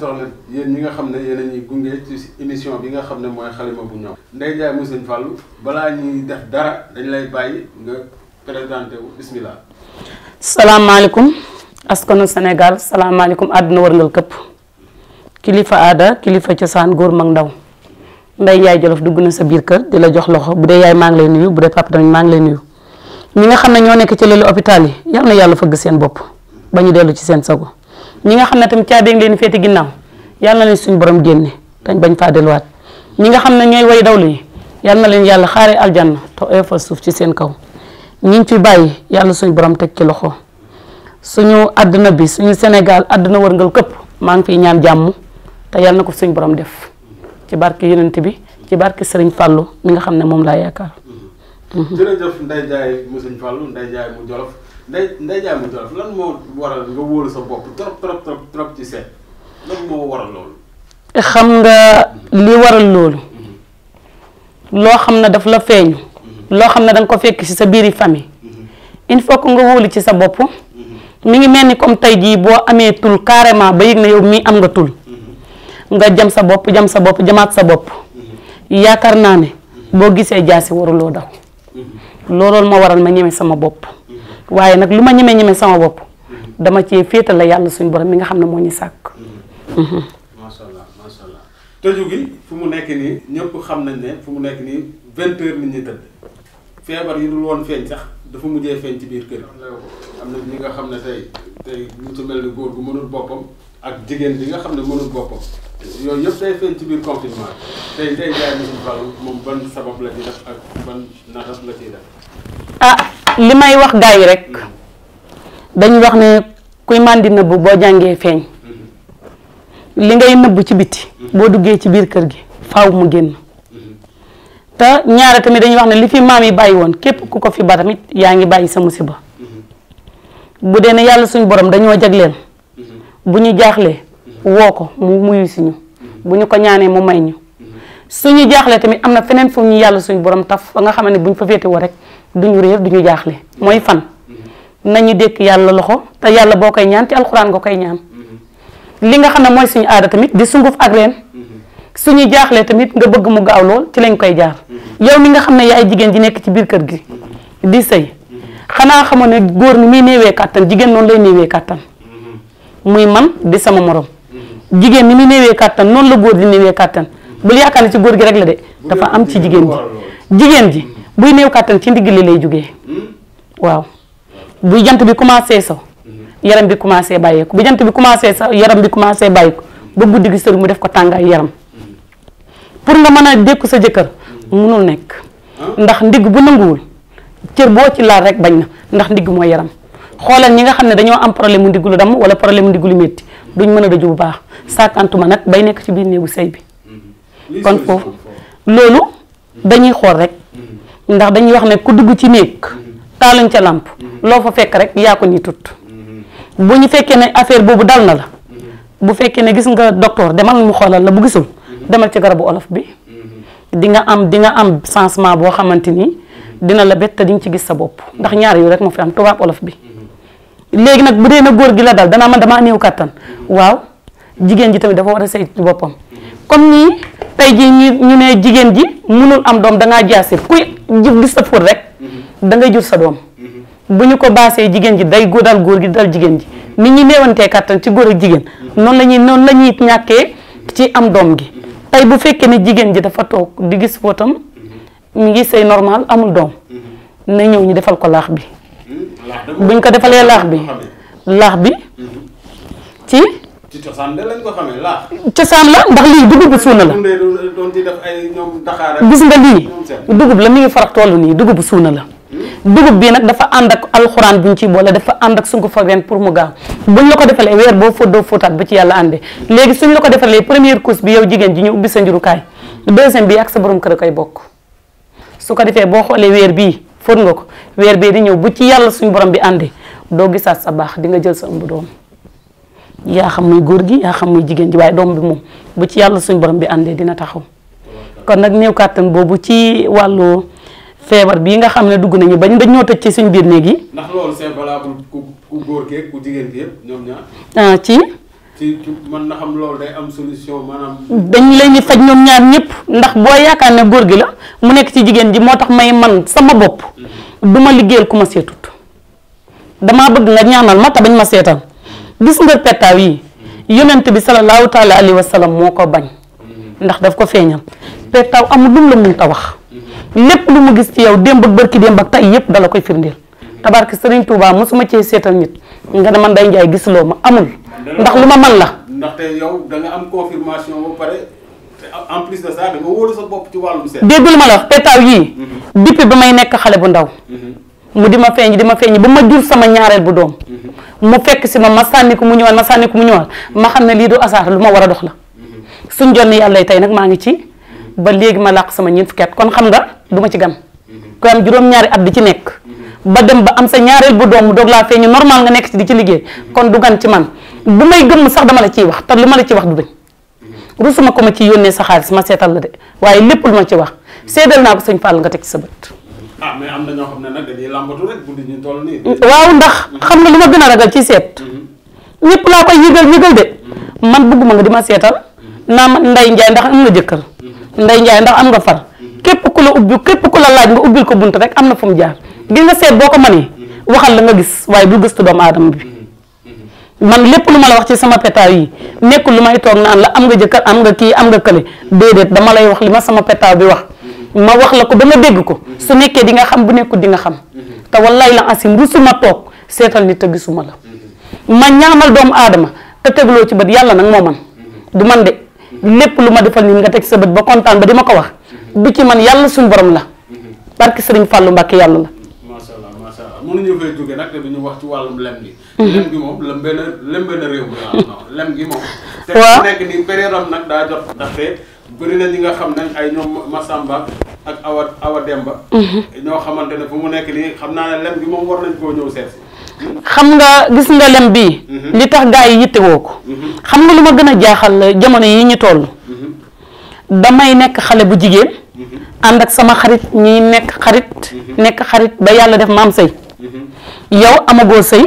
internet yéen ñi nga xam ne yéen ñuy gunge ci émission bi nga xam ne mooy xalima bu ñoom Ndeye Ndiaye mu sëñ Fallou balaa ñuy def dara dañ lay bàyyi nga présenté wu bismillah salaamaaleykum askanu Sénégal salaamaaleykum àdduna wërngal këpp kilifa aada kilifa cosaan góor mag ndaw Ndeye Ndiaye Jolof dugg na sa biir kër di la jox loxo bu dee yaay maa ngi lay nuyu bu dee papa tamit maa ngi lay nuyu ñi nga xam ne ñoo nekk ci loolu hôpital yi yal na yàlla fëgg seen bopp ba ñu dellu ci seen sago ñi nga xam ne tam caabi ngi ginnaaw yàlla na leen suñu borom génne dañ bañ faa delluwaat ñi xam ne ñooy way dawlu yi yàlla na leen yàlla xaaree aljanna te oyofal suuf ci seen kaw ñi ñu fi bàyyi yàlla suñ borom teg ci loxo suñu àdduna bi suñu senegal àdduna wërngal këpp maa ngi fiy ñaan jàmm te yàlla na ko suñu borom def ci barke Yonent bi ci barke Serigne Fallou mi nga xam ne moom laa yaakaar. Mhm. jërëjëf Ndeye Ndiaye xam nga li waral loolu mm-hmm. loo xam ne daf la feeñu mm-hmm. loo xam ne danga ko fekk ci sa biir biiri famille mm-hmm. il faut que nga wóolu ci sa bopp mu ngi mel ni comme tey jii boo amee tul carrément ba yëg na yow mii am nga tul nga jam sa bopp jam sa bopp jamaat sa bopp yaakaar naa ne boo gisee jaasi waruloo daw looloolu ma waral ma ñeme sama bopp waaye nag lu ma ñeme ñeme sama bopp dama cee féetal la yàlla suñu borom mi nga xam ne moo ñu sàkk macha allah macha allah tëju gi fu mu nekk nii ñëpp xam nañ ne fu mu nekk nii vingt heures nit ñi tëdd feebar yi dul woon feeñ sax dafa mujjee feeñ ci biir kër a na ñi nga xam ne tey tey ñu ci mel góor gu mënul boppam ak jigéen bi nga xam ne mënul boppam yooyu yëpp ci biir confinement tey moom ban sabab la ci def ak ban naxas la ciy def. Ah, li may wax gars yi rek hmm. dañu wax ne kuy màndi na bu boo jàngee feeñ. li ngay nëbbu ci bitti mhm. boo duggee ci biir kër gi faaw mu génn te ñaare tamit dañuy wax ne li fi maam yi bàyyi woon képp ku ko fi ba tamit yaa ngi bàyyi sa musiba mhm. bu dee ne yàlla suñu borom dañoo jagleel mhm. bu ñu jaaxlee woo ko mu muyu suñu bu ñu ko ñaanee mu may ñu suñu jaaxlee tamit am na feneen fu ñu yàlla suñu borom taf fa nga xam ne bu fa féete woo rek duñu réer duñu jaaxle mooy fan nañu dékk yàlla loxo te yàlla boo koy ñaan ci alxuraan nga koy ñaan li nga xam ne mooy suñu aada tamit di sunguf ak reen suñu jaaxlee tamit nga bëgg mu gaaw lool ci lañ koy jaar yow mi nga xam ne yaay jigéen ji nekk ci biir kër gi di sëy xanaa xamoon ne góor ni muy néewee kàttan jigéen noonu lay néewee kàttan muy man di sama morom jigéen ni muy néewee kàttan noonu la góor di néewee kàttan bul yaakaar na ci góor gi rek la de dafa am ci jigéen ji jigéen ji buy néew kàttan ci ndigg li lay jóge waaw buy jant bi commencé so yaram bi commencé bàyyeeku bu jant bi commencé sax yaram bi commencé bàyyeeku ba guddi gi sori mu def ko tàngaay yaram pour nga mën a dékku sa jëkkër munul nekk ah. ndax ndigg bu nanguwul cër boo ci laal rek bañ na ndax ndigg mooy yaram xoolal ñi nga xam ne dañoo am problème mu ndigg lu damm wala problème mu ndigg lu métti duñ mën a daju bu baax sàkkantuma nag bay nekk ci biir néegu sëy bi mm-hmm. kon foofu loolu dañuy xool rek mm-hmm. ndax dañuy wax ne ku dugg ci néeg mm-hmm. taaluñ ca làmp loo fa fekk rek yaa ko ni tut bu ñu fekkee ne affaire boobu dal na la bu fekkee ne gis nga docteur demal mu xoolal la bu gisul demal ci garabu olof bi di nga am di nga am changement boo xamante ni dina la bett di nga ci gis sa bopp ndax ñaar yu rek moo fi am tubaab olof bi léegi nag bu dee na góor gi la dal danaa man damaa néew kàttan waaw jigéen ji tamit dafa war boppam comme nii tey jii ñu ñu ne jigéen ji mënul am doom dangaa jaase kuy gis sa fóot rek da ngay jur sa doom mm-hmm. bu ñu ko baasee jigéen ji day dal góor gi dal jigéen ji nit ñi néewantee kàttan ci góor ak jigéen noonu la ñuy noonu la ñàkkee ci am doom gi tey bu fekkee ne jigéen ji dafa toog di gis fóotam mu ngi sëy normal amul doom na ñëw ñu defal ko laax bi buñ ko defalee laax bi laax bi ci ci cosaan la ndax lii dugub bi suuna la gis nga lii dugub la mi ngi farax toll nii dugub bu suuna la dugub bi nag dafa ànd ak alxuraan bu ñu ciy boole dafa ànd ak sunko fa ren pour mu gaaw buñ la ko defalee weer boo fóot doo fóotaat ba ci yàlla ànde léegi suñ la ko defalee première course bi yow jigéen ji ñu ubbi sa njurukaay deuxième su ko defee boo xoolee weer bii fóot nga ko weer bii di ñëw bu ci yàlla suñ borom bi ànde doo gisaat sa baax di nga jël sa ëmb doom yaa xam muy góor gi yaa xam muy jigéen ji waaye doom bi moom bu ci yàlla suñ borom bi àndee dina taxaw kon nag néew kàttan boobu ci wàllu feebar bii nga xam ne dugg nañu bañ dañ ñoo tëj ci suñ biir néeg yi. ndax loolu c'est valable ku góor gi ku jigéen ah, ci. ci na xam loolu am solution maanaam. dañ leen di faj ñoom ñaar ñëpp ndax boo yaakaar ne góor gi la mu nekk ci jigéen ji moo tax may man sama bopp. Mhm. du ma liggéeyal ku ma seetut. damaa bëgg nga ñaanal ma te ma seetal gis nga pettaaw yi mhm. yonent bi salallaahu taala alayhi wa sallam moo ko bañ. Mhm. ndax daf ko feeñal pettaaw amul lu mu la mënta wax. lépp lu mu gis ci yow démb ak barki démb ak tay yëpp dala koy firndeel tabarki Serigne Touba mosuma cee seetal nit nga ne man day njaay gis loo ma amul ndax lu ma man la ndaxte yow da nga am confirmation ma la mhm. may nekk xale bu ndaw mhm. mu di ma feeñ di ma feeñ ba ma jur sama ñaareel bu doom mhm. mu fekk si ma ma sànni ko mu ñëwaat ma sànni ko mu ñëwaat ma xam ne lii du asaar lu ma war a dox la suñ jonni yàlla tey nag maa ngi ci ba léegi ma làq sama ñeent fukki kon xam nga du ma ci gan mhm. ku juróom-ñaari at di ci nekk mhm. ba dem ba am sa ñaareel bu doom doog laa feeñu normal nga nekk ci di ci liggéey mhm. kon du gan ci man bu may gëmm sax dama la ciy wax te li ma la ciy wax du dañ rusuma ko ma ci yónnee sa xaalis ma seetal la de waaye lépp lu ma ci wax seedal naa ko sëñ Fall nga teg sa bët ah, am na ñoo xam ne nag dañuy ñu toll nii mm, nga li seet ñëpp laa koy yëgal yëgal de man bëgguma nga di ma seetal naa man ndax am nga jëkkër Ndeye Ndiaye ndax am nga far ku la ubbi képp ku la laaj nga ubbil ko bunt rek am na fu mu jaar gis nga seet boo ko mënee waxal la nga gis waaye bul gëstu doomu aadama bi man lépp lu ma la wax ci sama petaaw yi nekkul lu may toog naan am nga jëkkër am nga kii am nga kële déedéet dama lay wax li ma sama petaaw bi wax ma wax la ko ba dégg ko su nekkee di nga xam bu nekkul di nga xam te wallaay la asim rusuma toog seetal nit te gisuma la ma ñaanal doomu aadama te tegloo ci bët yàlla nag moo man du man de lépp lu ma defal nit nga teg sa bët ba kontaan ba di ma ko wax du ci man yàlla suñu borom la mhm. barke sëriñ Fàllu Mbàkke yàlla la macha allah macha allah mënuñu fay nag te duñu wax ci wàllum lem gi mhm. lem gi moom la lem gi moom te nekk ni nga xam ne ay ñoom Massamba ak Awa Awa Demba mhm. ñoo xamante ne fu mu nekk nii xam naa ne lem gi moom war nañ koo ñëw seet xam nga gis nga lem bii li tax gaa yi yittewoo ko xam nga lu ma gën a jaaxal jamono yi ñu toll damay nekk xale bu jigéen ànd ak sama xarit ñi nekk xarit mhm. nekk xarit ba yàlla def maam sëy mhm. yow amagoo sëy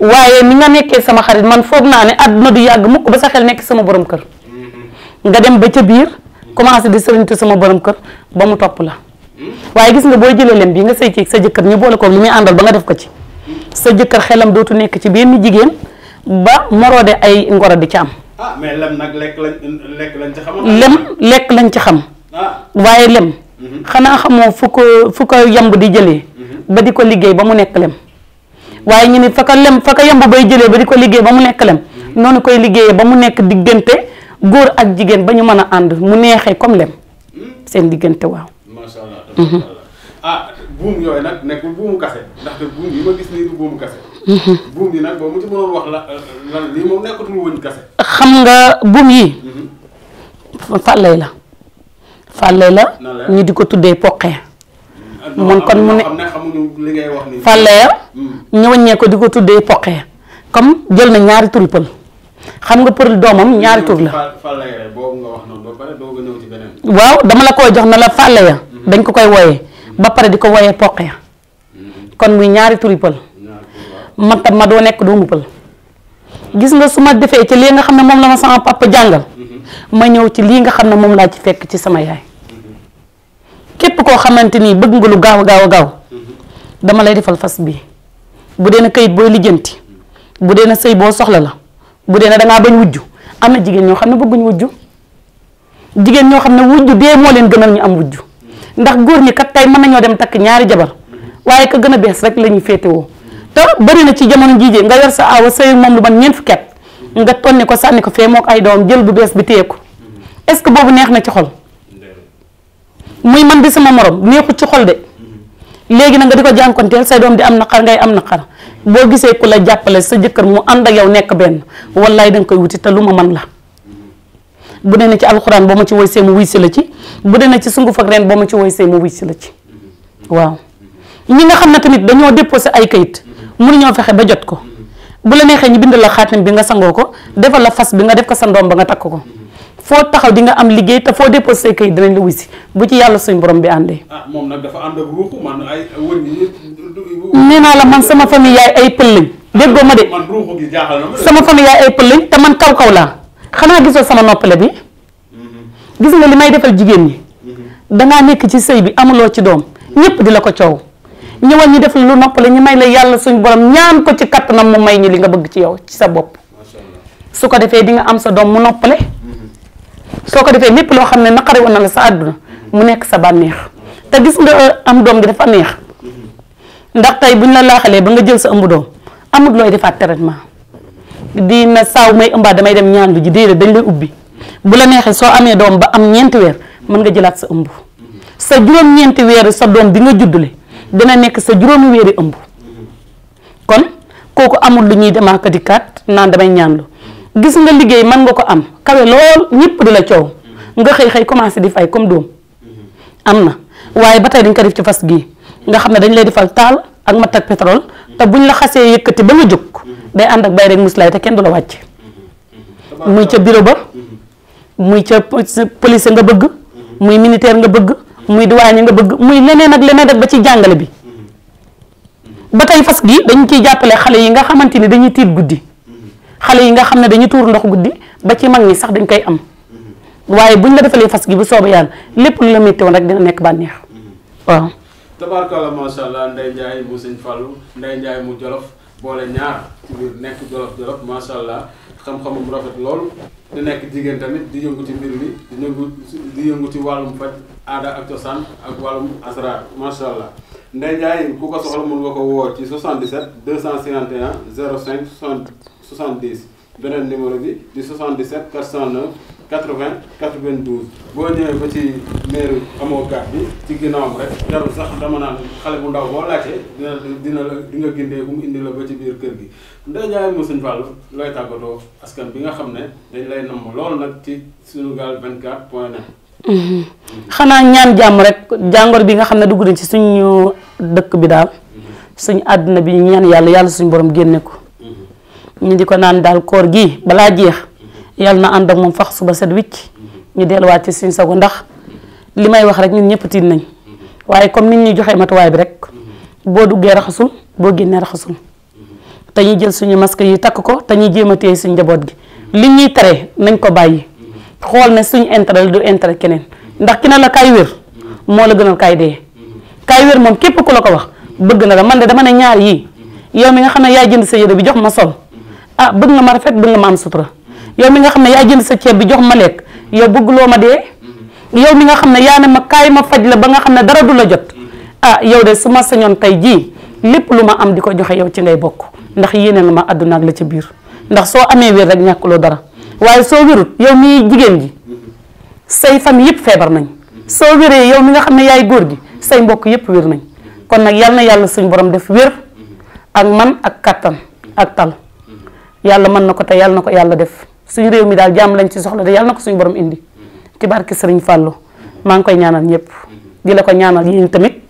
waaye ni nga nekkee sama xarit man foog naa ne àdduna du yàgg mukk ba sa xel nekk sama borom kër mhm. nga dem ba ca biir commencé di sëriñtu sama borom kër ba mu topp la waaye gis nga boo jëlee lem bii nga sëy ci sa jëkkër ñu boole ko li muy àndal ba nga def ko ci sa jëkkër xelam dootu nekk ci benn jigéen ba moroode ay ngoro di ci am ah mais lekk lañ ci xam. lem lekk lañ ci xam ah. waaye lem xanaa xamoo fu ko fu ko yamb di jëlee mhm. ba di ko liggéey ba mu nekk lem waaye ñu ne fa ko lem fa ko yamb bay jëlee ba di ko liggéey ba mu nekk lem mhm. noonu koy liggéeyee ba mu nekk diggante góor ak jigéen ba ñu mën a ànd mu neexee comme lem mhm. seen diggante waaw. Ah, euh, xam nga buum yi. fàllay la. fàlle la ñi di ko tuddee poqe mun kon mu ne fàlle ya ñu wàññee ko di ko tuddee poqe comme jël na ñaari turi xam nga pël doomam ñaari tur waaw dama la koy jox na la fàlle ya mm-hmm. dañ ko koy wooyee mm-hmm. ba pare di ko wooyee poqe ya mm-hmm. kon muy ñaari turi pël man tam ma doo nekk doomu pël gis nga su ma defee ci lii nga xam ne moom la ma sama papa jàngal ma ñëw ci lii nga xam ne moom laa ci fekk ci sama yaay képp koo xamante ni bëgg nga lu gaaw a gaaw a gaaw dama lay defal fas bii bu dee na kayit booy lijjanti bu dee na sëy boo soxla la bu dee na dangaa bañ wujju am na jigéen ñoo xam ne bëgguñ wujju jigéen ñoo xam ne wujju dee moo leen gënal ñu am wujju ndax góor ñi kat tey mën nañoo dem takk ñaari jabar waaye ka gën a bees rek lañuy ñuy féetewoo te bëri na ci jamono jii nga yor sa aawa sëy moom lu man ñeent fukki nga tonni ko sànni ko fee moo ko ay doom jël bu bees bi téye ko mm-hmm. ce que boobu neex na ci xol muy man bi sama morom neexut ci xol de mm-hmm. léegi nag nga di ko jànkonteel say doom di am naqar ngay am na naqar mm-hmm. boo gisee ku la jàppale sa jëkkër mu ànd ak yow nekk benn wallaay da nga koy wuti te lu ma man la bu dee na ci alxuraan boo ma ci woy see mu wuy si la ci bu dee na ci sunguf ak reen boo ma ci woy see mu wuy si la ci waaw ñi nga xam ne tamit dañoo déposé ay kayit mënuñoo fexe ba jot ko bu la neexee ñu bind la xaatim bi nga sangoo ko defal la fas bi nga def ko sa ndoom ba nga takk ko foo taxaw di nga am liggéey te foo déposé kay dinañ la si bu ci yàlla suñ borom bi àndee. ah moom nag dafa ànd ak naa la man sama famille ay pël ma sama famille yaay ay te man kaw kaw laa xanaa gisoo sama noppale bi mm-hmm. gis nga li may defal jigéen ñi mm-hmm. dangaa nekk ci sëy bi amuloo ci doom ñëpp di la ko coow. ñëwal ñi def lu noppale ñu may la yàlla suñu borom ñaan ko ci kattanam mu may ñu li nga bëgg ci yow ci sa bopp su ko defee di nga am sa doom mu noppale mm-hmm. soo ko defee lépp loo xam ne naqari woon na la sa àdduna mu nekk sa bànneex te gis nga uh, am doom gi dafa neex mm-hmm. ndax buñ la laaxalee ba nga jël sa ëmb doom amut looy defaat traitement di na saaw may ëmbaat damay dem ñaan ji déedéet dañ lay ubbi bu la neexee soo amee doom ba am ñeenti weer mën nga jëlaat sa ëmb mm-hmm. sa juróom-ñeenti weer sa doom bi nga juddule dina nekk sa juróomi wéeri ëmb kon ko amul lu ñuy demaaka di kat naan damay ñaanlu gis nga liggéey mën nga ko am kawe lool ñëpp di la coow nga xëy xëy commencé di fay comme doom am na waaye ba tey dañ ko def ci fas gii nga xam ne dañ lay defal taal ak matt ak pétrole te buñ la xasee yëkkati ba nga jóg day ànd ak bay rek muslaay te kenn du la wàcc muy ca bureau ba muy ca police nga bëgg muy militaire nga bëgg muy diwaan ñu nga bëgg muy leneen ak leneen rek ba ci jàngale bi mm-hmm. ba tey fas gi dañu ciy jàppale xale yi nga xamante ni dañuy tiit guddi mm-hmm. xale yi nga xam ne dañuy tuur ndox guddi ba ci mag ñi sax dañ koy am mm-hmm. waaye buñ la defalee fas gi bu soobee yàlla lépp lu la métti woon rek dina nekk bànneex waaw. tabaarkalla macha allah Ndeye Ndiaye mu boole ñaar ci nekk jolof jolof macha allah xam-xamam rafet loolu di nekk jigéen tamit di yëngu ci mbir mi di yëngu di yëngu ci wàllum faj aada ak cosaan ak wàllum asrar macha allah. Ndeye Ndiaye ku ko soxla mën nga ko woo ci 77 251 05 70 beneen numéro bi di 77 409. 80 92 boo ñëwee ba ci meeru amoo gàtt bi ci ginnaawam rek jarul sax dama naan xale bu ndaw boo laajte dina dina la di nga gindee bu mu indi la ba ci biir kër gi Ndeye Ndiaye mo suñ Fall askan bi nga xam ne dañ lay namm loolu nag ci Sunugal 24 point net. Mhm. xanaa ñaan jàmm rek jàngor bi nga xam ne dugg nañ ci suñu dëkk bi daal mhm. suñu àddina bi ñaan yàlla yàlla suñu borom génne ko mhm. ñu di ko naan daal koor gi balaa jeex. yàlla na ànd ak moom fax suba set wicc ñu delluwaat ci suñ sago ndax li may wax rek ñun ñëpp tiit nañ waaye comme nit ñuy joxee matuwaay bi rek boo duggee raxasul boo génnee raxasul te ñuy jël suñu masque yi takk ko te ñuy jéem a téye suñu njaboot gi li ñuy tere nañ ko bàyyi xool ne suñu intérêt du intere keneen ndax ki na la kaay wér moo la gën a kaay dee kaay wér moom képp ku la ko wax bëgg na la man de dama ne ñaar yii yow mi nga xam ne yaay jënd sa yére bi jox ma sol ah bëgg nga ma rafet bëgg nga ma yow mi nga xam ne yaa jënd sa ceeb bi jox ma lekk yow bëgguloo ma dee mm-hmm. yow mi nga xam ne yaa ne ma kaay ma faj la ba nga xam ne dara du la jot mm-hmm. ah yow de su ma sañoon tey jii lépp lu ma am di ko joxe yow ci ngay bokk ndax yéene nga ma àdduna ak la ci biir ndax soo amee wér rek ñàkkuloo dara mm-hmm. waaye soo wérut yow mi jigéen ji say famille yëpp feebar nañ soo wéree yow mi nga xam ne yaay góor gi say mbokk yëpp wér nañ kon nag yàlla na yàlla suñu borom def wér ak man ak kattan ak tal yàlla mën na ko yàlla na ko yàlla def suñu réew mi daal jàmm lañ ci soxla de yàlla na ko suñu borom indi ci barke Sëriñ Fàllu maa ngi koy ñaanal ñëpp di la ko ñaanal yéen tamit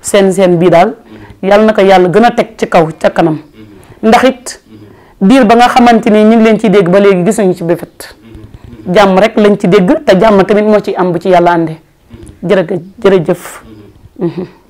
seen seen bii daal yàlla na ko yàlla gën a teg ci kaw ca kanam ndax it diir ba nga xamante ni ñu ngi leen ciy dégg ba léegi gisuñu ci befet jàmm rek lañ ci dégg te jàmm tamit moo ciy am bu ci yàlla ànde jërë jërëjëf